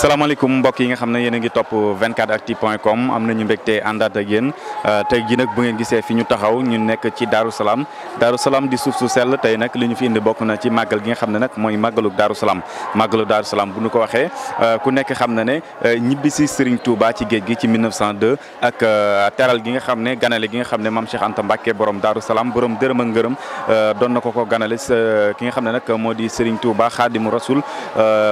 salaamaaleykum mbokk yi nga xam ne yéen a ngi topp 24actu point com am nañu mbégte àndaat ak yéen euh, tey jii nag bu ngeen gisee fi ñu taxaw ñu nekk ci Darou Salaam Darou Salaam di suuf su sell tey nag li ñu fi indi bokk na ci màggal gi nga xam ne nag mooy màggalu Darou Salaam màggalu Darou Salaam bu ñu ko waxee euh, ku nekk xam na ne euh, ñibbi si Serigne Touba ci géej gi ci 1902 ak teral gi nga xam ne ganale gi nga xam ne maam Cheikh Anta Mbacke borom Darou Salaam borom dërëm ak ngërëm doon na ko ko ganale ki nga xam ne nag moo di Serigne Touba Xaadimu Rasul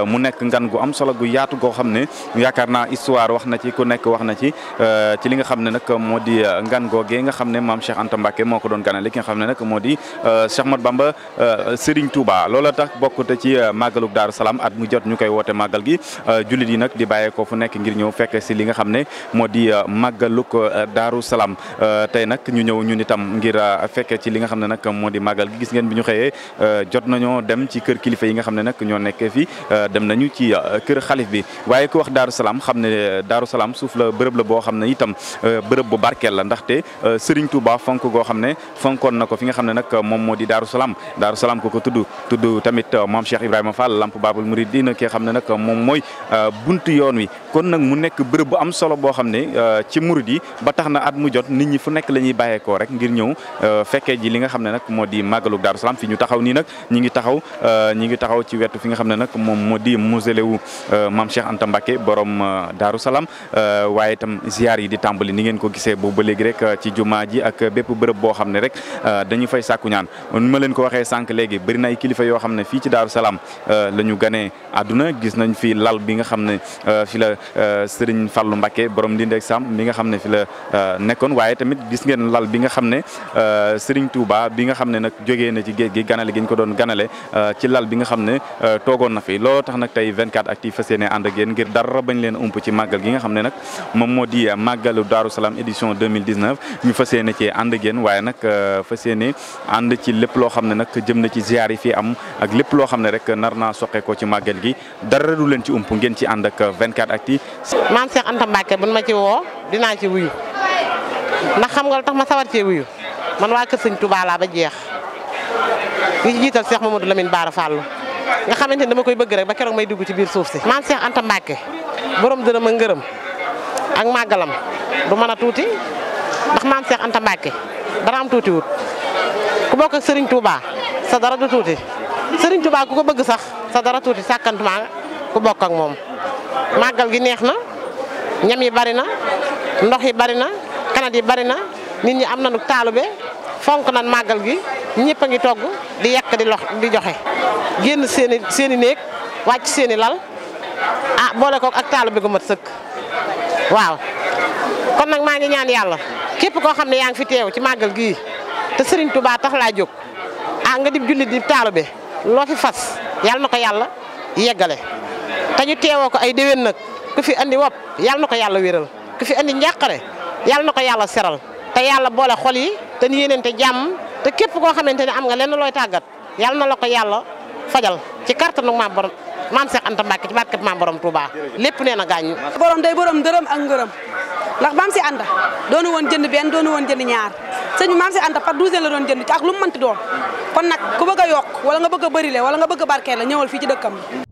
mu nekk ngan am solo gu yaatu goo xam ne yaakaar naa histoire wax na ci ku nekk wax na ci euh, ci li nga xam ne nag moo di euh, ngan googee nga xam ne maam Cheikh Anta Mbacke moo ko doon ganale ki nga xam ne nag moo di euh, Cheikh Mat Bamba Serigne Touba loola tax bokkute ci màggalub Daaru Salaam at mu jot koy woote màggal gi jullit yi nag di bàyyeekoo fu nekk ngir ñëw fekk si li nga xam ne moo di màggaluk Daaru Salaam tey nag ñu ñëw ñun itam ngir fekkee ci li nga xam ne nag moo di màggal gi gis ngeen bi ñu xëyee jot nañoo dem ci kër kilifa yi nga xam ne nag ñoo nekkee fi dem nañu ci kër xalif bi waaye ku wax Daaru Salaam xam ne euh, Daaru Salaam suuf la bërëb la boo xam ne itam euh, bërëb bu barkeel la ndaxte euh, Serigne Touba fonk goo xam ne fonkoon na ko fi nga xam ne nag moom di Daaru Salaam Daaru Salaam ko ko tudd tudd tamit maam Cheikh Ibrahima Fall lamp Babul Mouridina ki nga xam ne nag moom mooy buntu yoon wi kon nag mu nekk bërëb bu am solo boo xam ne ci murid yi ba tax na at mu jot nit ñi fu nekk lañuy ñuy bàyyeekoo rek ngir ñëw fekkee ji li nga xam ne nag moo di màggalu Daaru Salaam fi ñu taxaw nii nag ñi ngi taxaw ñi ngi taxaw ci wetu fi nga xam ne nag moom moo di musée wu Cheikh Anta Mbacke borom euh, Daaru euh, waaye itam ziar yi di tàmbali ni ngeen ko gisee boobu ba léegi rek euh, ci jumaa ji ak bépp bërëb boo xam ne rek dañu fay sàkku ñaan nu ma leen ko waxee sànq léegi bëri na ay kilifa yoo xam ne fii ci Daaru Salaam la ñu ganee àdduna gis nañ fi lal bi nga xam ne fi la Serigne Fallou Mbacke borom Ndindeek Sam mi nga xam ne fi la nekkoon waaye tamit gis ngeen lal bi nga xam ne Serigne Touba bi nga xam ne nag jógee na ci géej gi ganale gi ko doon ganale ci lal bi nga xam ne toogoon na fi looloo tax nag tey 24 actu fas yéene ànd ak yéen ngir dara bañ leen ump ci màggal gi nga xam ne nag moom moo di màggalu Daaru Salaam édition 2019 ñu fas yéene cee ànd ak waaye nag euh, fas yéene ànd ci lépp xam ne nag jëm na ci ziar yi fii am ak lépp loo xam ne rek nar naa soqe ko ci màggal gi dara du leen ci ump ngeen ci ànd ak 24 actu. maam Cheikh Anta Mbacke buñ ma ci woo dinaa ci wuyu ndax xam nga lu tax ma sawar cee wuyu man waa Kër Sëñ Touba laa ba jeex ñi jiital Cheikh Mamadou nga xamante ni dama koy bëgg rek ba keroog may dugg ci biir suuf si. maam Cheikh Anta Mbacke borom dërëm a ngërëm ak màggalam du mën a tuuti ndax maam Cheikh Anta Mbacke tuuti am ku bokk ak Serigne Touba sa dara du tuuti Serigne Touba ku ko bëgg sax sa dara tuuti sàkkantuma ku bokk ak moom màggal gi neex na ñam yi bari na ndox yi bari na kanat yi bari na nit ñi am na nañu be fonk na màggal gi ñëpp ngi togg di yekk di di joxe. génn seen i néeg wàcc seen i lal a ah, boole kook ak taalu bi gu mat sëkk waaw kon nag maa ngi ñaan yàlla képp koo xam ne yaa ngi fi teew ci màggal gii te Serigne Touba tax laa jóg ah nga dib jullit di taalu bi loo fi fas yàlla na ko yàlla yeggale te ñu teewoo ko ay déwén nag ku fi andi wopp yàlla na ko yàlla wéral ku fi andi njàqare yàlla na ko yàlla seral te yàlla boole xol yi te yéenante jàmm te képp koo xamante ne am nga lenn looy tàggat yal na la ko yàlla fajal ci kàttanu maam borom maam Cheikh Anta Mbacke ci barkat maam borom Touba lépp nee na gaañu. borom day borom dërëm ak ngërëm ndax maam si Anta doonu woon jënd benn doonu woon jënd ñaar sëñ maam si Anta par douzaine la doon jënd ci ak lu mu mënti doon kon nag ku bëgg a yokk nga bëgg a bërile wala nga bëgg a barkeel la ñëwal fii ci dëkkam